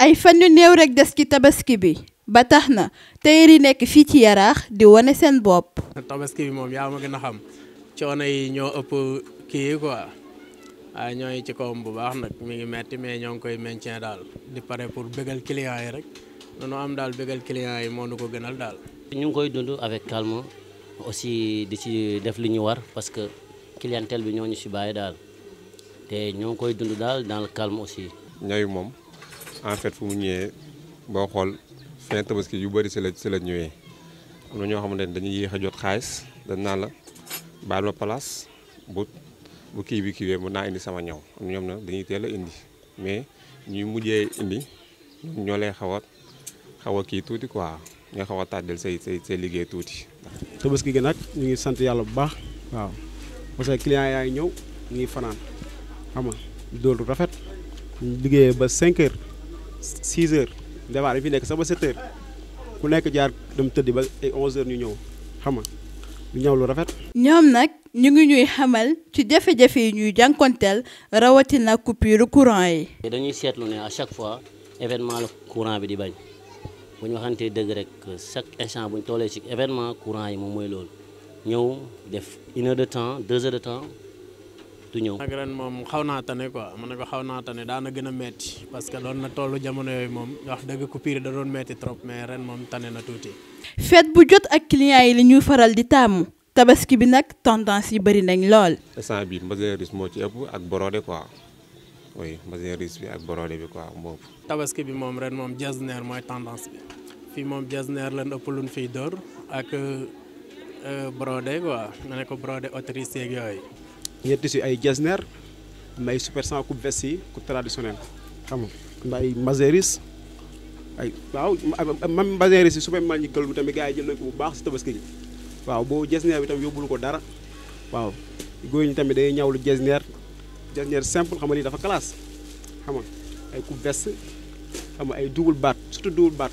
ay fannu néew rek des ci tabaski bi ba tax na tailleur yi nekk fii ci yaraax di wane seen bopp. tabaski bi moom yaa ma gën a xam coono yi ñoo ëpp kii quoi ñoo ngi ci kawam bu baax nag mi ngi metti mais ñoo ngi koy maintien daal di pare pour bégal client yi rek noonu am daal bégal client yi moo nu ko gënal daal. ñu ngi koy dund avec calme aussi di ci def li ñu war parce que clientèle bi ñoo ñu si bàyyi daal te ñoo ngi koy dund daal dans le calme aussi. ñooy moom. en fait fu mu ñëwee boo xool fin tabaski yu bari si la ñëwee am na ñoo xamante ne dañuy yéex a jot xaalis dañ naa la baal ma place bu kii bi kiiwee mën naa indi sama ñaw am ñoom na dañuy teel a indi mais ñuy mujjee indi ñoo lay xaw a xaw a kii tuuti quoi nga xaw a tàddeel say say say liggéey tuuti. tabaski gi nag ñu ngi sant yàlla bu baax waaw parce que client yaay ñëw ñu ngi fanaan xam nga dóor rafet ñu liggéeyee ba 5 6 heures départ fi 7 heures ku 11 heures ñu rafet. ñom nak ñu ngi ñuy xamal ci coupure courant yi. dañuy à chaque fois événement la courant bi di bañ buñ deug rek chaque instant buñ tolé événement courant yi mo def une heure de temps deux heures de temps. du ñëw. nag ren moom xaw naa tane quoi mën na ko xaw naa tane daana gën a metti parce que doon na tollu jamono yooyu moom wax dëgg ku piir da doon metti trop mais ren moom tane na tuuti. fête bu jot ak clients yi li ñuy faral di taamu tabaski bi nag tendance yi bëri nañ lool. instant bii moo ci ëpp ak borode quoi. oui mbasin riz bi ak borode bi quoi moom. tabaski bi moom ren moom jasneer mooy tendance bi fii moom jasneer lan ëpp luñ fiy dóor ak. Euh, brodé quoi nga ne ko brodé autrice yeeg yooyu ngeen si ay Getzner may super 100 coupe veste yi coupe traditionnelle xam nga ay Mazeris ay waaw même Mazeris yi su ma ñu gël tamit gars yi jël nañ ko bu baax si tabaski ji waaw boo Getzner bi tam yóbbul ko dara waaw góor ñi tamit day ñawlu Getzner Getzner simple xam nga lii dafa kalaas xam nga ay coupe veste xam ay double baat surtout double baat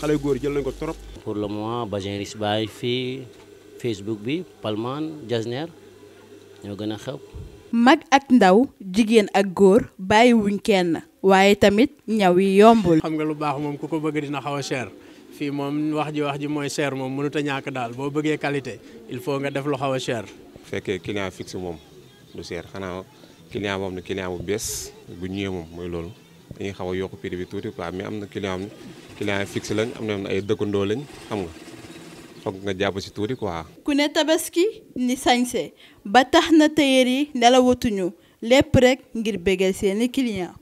xale góor jël nañ ko trop. pour le moment Bajeris bàyyi fii Facebook bi Palman Getzner. ñoo gën a xew. mag ak ndaw jigéen ak góor bàyyiwuñ kenn waaye tamit ñaw yi yombul. xam nga lu baax moom ku ko bëgg dina xaw a cher fii moom wax ji wax ji mooy cher moom mënut a ñàkk daal boo bëggee qualité il faut nga def lu xaw a cher. bu fekkee client fixe moom du cher xanaa client moom ne client bu bees bu ñëwee moom mooy loolu. dañuy xaw a yokk prix bi tuuti quoi mais am na client am client fixe lañ am na ay dëkkandoo lañ xam nga. diapositu é quoi. ku ne tabaski ni sañse ba tax na téyeer yi nelawatuñu lépp rek ngir bégal seeni client